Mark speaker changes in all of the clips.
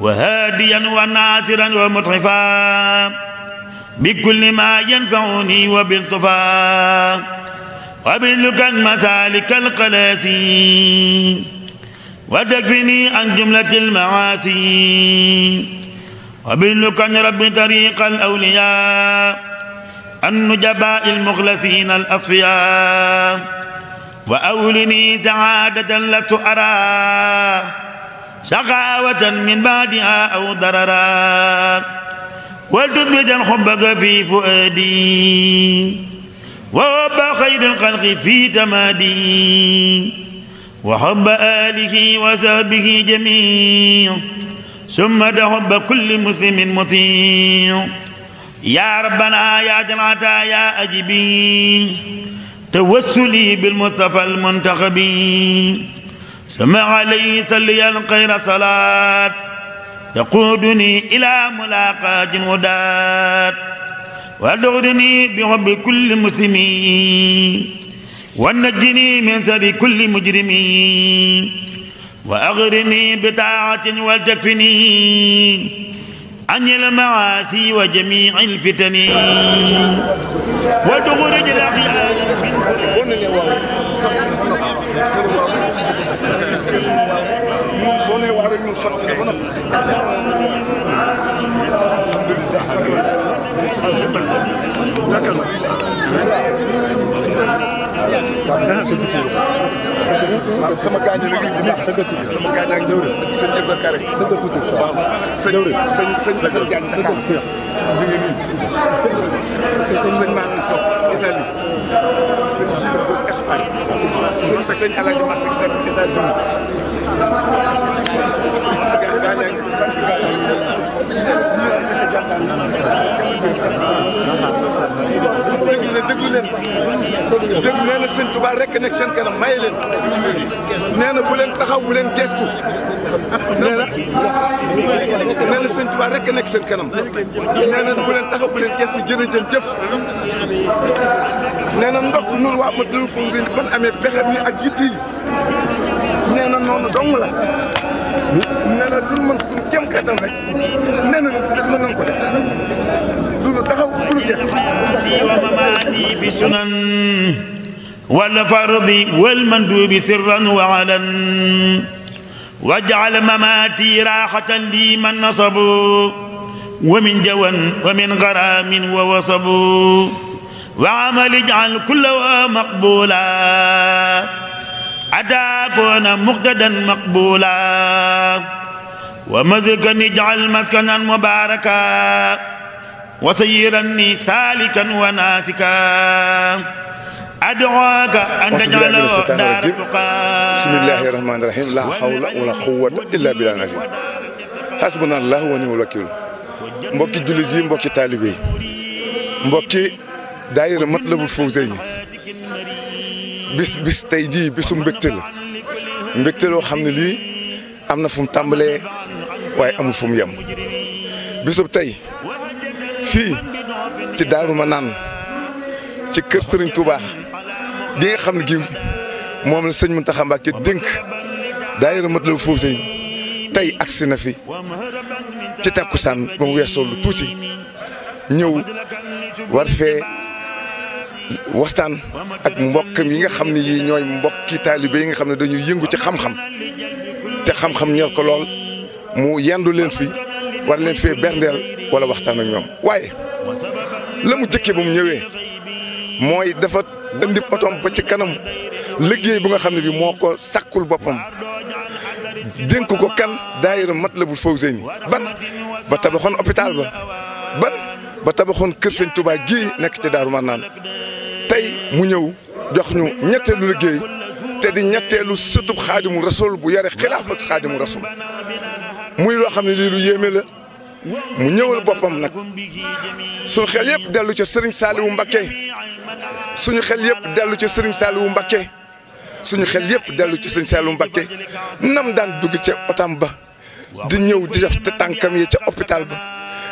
Speaker 1: وهاديا وناصرا ومطرفا بكل ما ينفعني وبالطفا وبلك المسالك القلاسي وتكفني عن جملة المعاصي وبلك عن رب طريق الأولياء النجباء المخلصين الأصفياء وأولني سعادة لست أرى شقاوة من بعدها أو ضررا ولتثبت حبك في فؤادي وحب خير الخلق في تمادي وحب آله وسهبه جميع ثم تحب كل مسلم مطيع يا ربنا يا جماعة يا أجبي توسلي بالمصطفى المنتخبين سمع عليه سليا خير صلاة تقودني إلى ملاقاة وداة وأدعوني برب كل مسلمين ونجني من سر كل مجرمين وأغرني بطاعة ولتكفني عن المعاصي وجميع الفتن وتخرج الأخيار
Speaker 2: waaw
Speaker 3: sama gaañ la léegi dina sa dëkk sama gaañ ak jëwriñ sa jëba kare sa dëkk waaw sëñ sëñ sëñ sëñ gaañ sa dëkk si bi nga nii sëñ maa ngi sopp Italie Paris su sëñ Alaaji Masik Seck États-Unis déglu leen déglu nee rekk nekk seen kanam may leen nee na bu leen taxaw bu leen gestu nee na nee na sëñ Tuubaa rekk nekk seen kanam nee na bu leen taxaw bu leen gestu jërëjëf jëf nee na ndox nun waa Matlaboul Fawzayni ban amee pexe mi ak yitt yi nee na noonu dong la nee na lu mën suñu jëm kattan rek nee na mën nañ ko def duñu taxaw pour jeex wa mamaati fi sunan
Speaker 1: wal fardi wal mandubi sirran wa alan waj'al mamaati raahatan li man nasabu wa min jawan wa min garamin wa wasabu وعمل اجعل كل مقبولا عدا كون مقتدا مقبولا ومزكا اجعل مسكنا مباركا وسيرني سالكا وناسكا أدعوك أن تجعل
Speaker 3: دار بسم الله الرحمن الرحيم لا حول ولا قوة إلا بالله حسبنا الله ونعم الوكيل مبكي julli ji mbokki taalibe mbokki داير مطلب الفوزي بس بس تيجي بس مبكتل مبكتل وخمن لي أمنا فم تملي واي أمو فم يم بس بتاي في تدارو منان تكسرين توبا دي خمن جيم مومن سنج منتخم باكي دينك داير مطلب الفوزي تاي أكسنا في تتاكو سان بمويا توتي نيو warfee waxtaan ak mbokkam yi nga xam ne yii ñooy mbokki taalibe yi nga xam ne dañuy yëngu ci xam-xam te xam-xam ñor ko lool mu yendu leen fi war leen fi berndeel wala waxtaan ak ñoom waaye la mu jëkkee ba mu ñëwee mooy dafa indi otoom ba ci kanam liggéey bu nga xam ne bi moo ko sakkul boppam dénk ko kan daayira Matlabul Fawzeyni ban ba tabaxoon hôpital ba ban ba tabaxoon kër Sëñ Tuubaa nekk ci Daaru Marnaan tey mu ñëw jox ñu ñetteelu liggéey te di ñetteelu sëtub xaadimu rasul bu yare xilaaf ak xaadimu rasul muy loo xam ne lii lu yéeme la mu ñëwal boppam nag suñu xel yëpp dellu ca Serigne Saliou Mbacké suñu xel yëpp dellu ca Serigne Saliou Mbacké suñu xel yëpp dellu ci Serigne Saliou Mbacké nam daan dugg ca otam ba di ñëw di jox te tànkam yi ca hôpital ba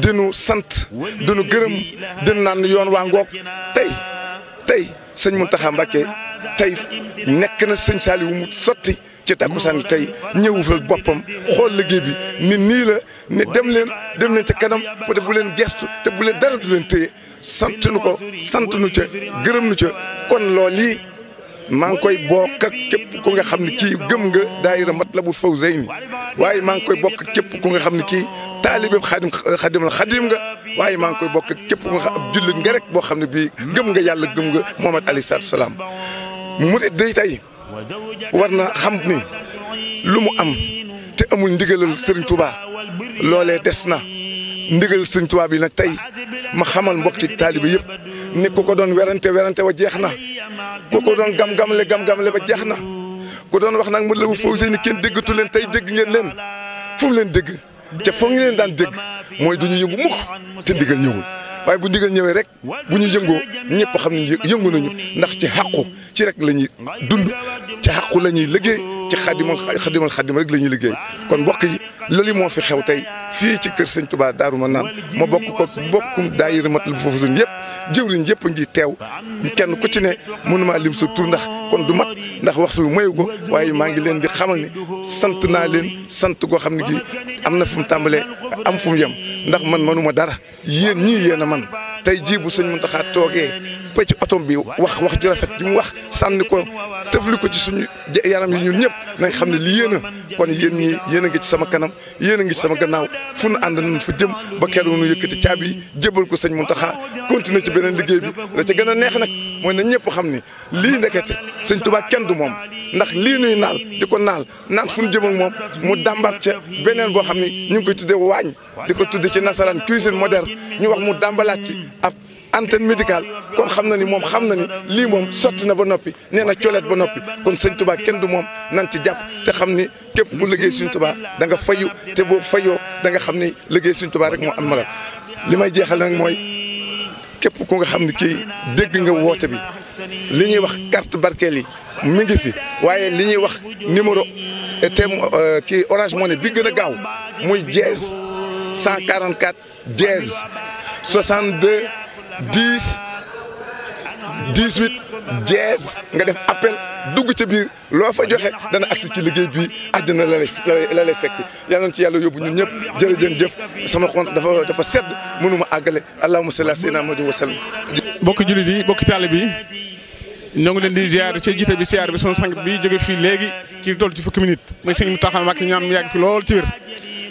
Speaker 3: dinu sant dinu gërëm dinu naan yoon waa ngoog tey tey sëñ Mountakha Mbacké tey nekk na sëñ Saliou mu sotti ci takkusaan tey ñëwu fa boppam xool liggéey bi ni nii la ne dem leen dem leen ca kanam te bu leen gestu te bu leen dara du leen téye sant nu ko sant nu ca gërëm nu ca kon loolu maa ngi koy bokk ak képp ku nga xam ne kii gëm nga daayira Matlabul Fawzayni waaye maa ngi koy bokk ak képp ku nga xam ne kii taalibe xadim xadimal xadim nga waaye maa ngi koy bokk ak képp ku nga xam ab jullit nga rek boo xam ne bii gëm nga yàlla gëm nga Muhammad alayhi salaatu salaam mu de day tey war na xam ni lu mu am te amul ndigalal Serigne Touba loolee des na. ndigal sëñ Tuubaa bi nag tey ma xamal mbokki taalibe yëpp ne ku ko doon werante werante wa jeex na ku ko doon gam-gamle gam-gamle ba jeex na ko doon wax nag mën la faw sey ni kenn déggatu leen tey dégg ngeen leen fu mu leen dégg ca foo ngi leen daan dégg mooy du ñu yëngu mukk te ndigal ñëwul waaye bu ndigal ñëwee rek bu ñu yëngoo ñëpp xam ne yëngu nañu ndax ci xàqu ci rek la ñuy dund ci xàqu la ñuy liggéey ci xadimal xadimal xadim rek la ñuy liggéey kon mbokk yi loolu moo fi xew tey fii ci kër sëñ Touba Daaru Manaan ma bokk ko mbokkum daayira matal bu foofu suñ yëpp jëwriñ yëpp ngi teew kenn ku ci ne mënuma lim sa tur ndax kon du mat ndax waxtu bi mayu ko waaye maa ngi leen di xamal ne sant naa leen sant goo xam ne gi am na fu mu tàmbalee am fu mu yem ndax man mënuma dara yéen ñii yéen a man tey jii bu sëñ Muntaxa toogee ci otom bi wax wax ju rafet ji mu wax sànni ko tëfli ko ci suñu yaram yi ñun ñëpp nañ xam ne li yéen a kon yéen ñii yéen a ngi ci sama kanam yéen a ngi ci sama gannaaw fu nu ànd nañ fa jëm ba keroog ñu yëkkati caabi yi jébal ko sëñ Muntaxa continuer ci beneen liggéey bi la ca gën a neex nag mooy na ñëpp xam ni lii ndekete sëñ Tuubaa kenn du moom ndax lii nuy naal di ko naal naan fu nu jëm moom mu dàmbar ca beneen boo xam ne ñu ngi koy tuddee waañ di ko tudde ci nasaraan cuisine moderne ñu wax mu dàmbalaat ci ab antenne médical kon xam na ni moom xam na ni lii moom sotti na ba noppi nee na coleet ba noppi kon sëñ Tuubaa kenn du moom nan ci jàpp te xam ni képp bu liggéey sëñ Tuubaa da nga fayu te boo fayoo da nga xam ni liggéey sëñ Tuubaa rek moo am malal li may jeexal nag mooy képp ku nga xam ni kii dégg nga woote bi li ñuy wax carte barkeel yi mi ngi fi waaye li ñuy wax numéro eh, tem euh, ki Orange moone bi gën a gaaw muy dièse 144 dièse 62 10 18 jees nga def appel dugg ca biir loo fa joxe dana agsi ci liggéey bi àddina la lay la lay fekk yal nañ ci yàlla yóbbu ñun ñëpp jërëjëf jëf sama compte dafa dafa sedd mënuma àggale allahumma salli ala
Speaker 2: sayyidina Muhammadin wa sallam. bokki jullit yi bokki taalibe yi ñoo ngi leen di ziar ci jiite bi ziar bi sunu sang bi jóge fii léegi ci toll ci fukki minute mooy sëñ Mountakha Mbacké ñu am yàgg fi lool ci wér.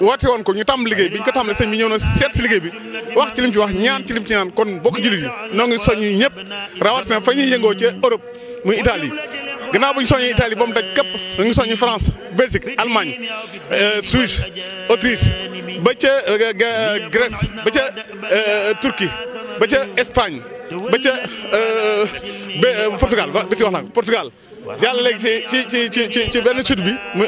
Speaker 2: woote woon ko ñu tàmm liggéey bi ñu ko tàmbalee sëñ bi ñëw na seet si liggéey bi wax ci lim ci wax ñaan ci lim ci ñaan kon bokk jullit yi noo ngi soññu ñëpp rawatina fa ñuy yëngoo ci Europe muy Italie gannaaw bu ñu soññee Italie ba mu daj képp ñu ngi soññu France Belgique Allemagne euh, Suisse Autriche ba ca euh, Grèce ba ca euh, Turquie ba ca Espagne ba ca Portugal ba ci wax naa ko Portugal jàll léegi ci ci ci ci benn sud bi muy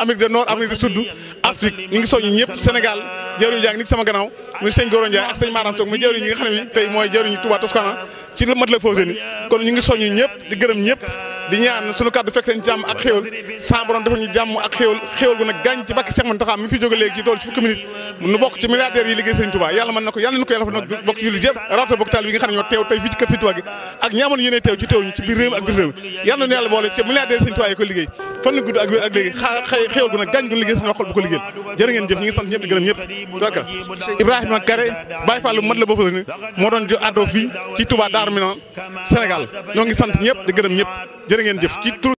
Speaker 2: Amérique du Nord Amérique du Sud. Afrique ñu ngi soññu ñëpp Sénégal jawriñ jaa ngi sama gannaaw muy sëñ Goro Ndiaye ak sëñ Maram Soog muy jawriñ yi nga mooy jawriñ Touba Toscana ci mat la foofu ni kon ñu ngi soññu ñëpp di gërëm ñëpp di ñaan suñu kàddu fekk seen jàmm ak xéwal sa dafa ñu jàmm ak xéwal xéwal gu nag gàñ ci bàkki Cheikh Mountakha mi fi jóge léegi ci tool ci fukki minute nu bokk ci milliardaires yi liggéey sëñ Touba yàlla mën na ko yàlla na ko yàlla fa ne ñoo teew tey fii ci fan la gudd ak wér ak léegi xaa xëy gaañ ko liggéey sama xol bu ko liggéeyal jërë jëf ñi ngi sant ñëpp di gërëm ñëpp toaka Ibrahima Kare Baye Fallou mat la boo fas ni moo doon jo addoo fii ci Touba Darou Minane Sénégal ñoo ngi sant ñëpp di gërëm ñëpp jërë jëf ci tur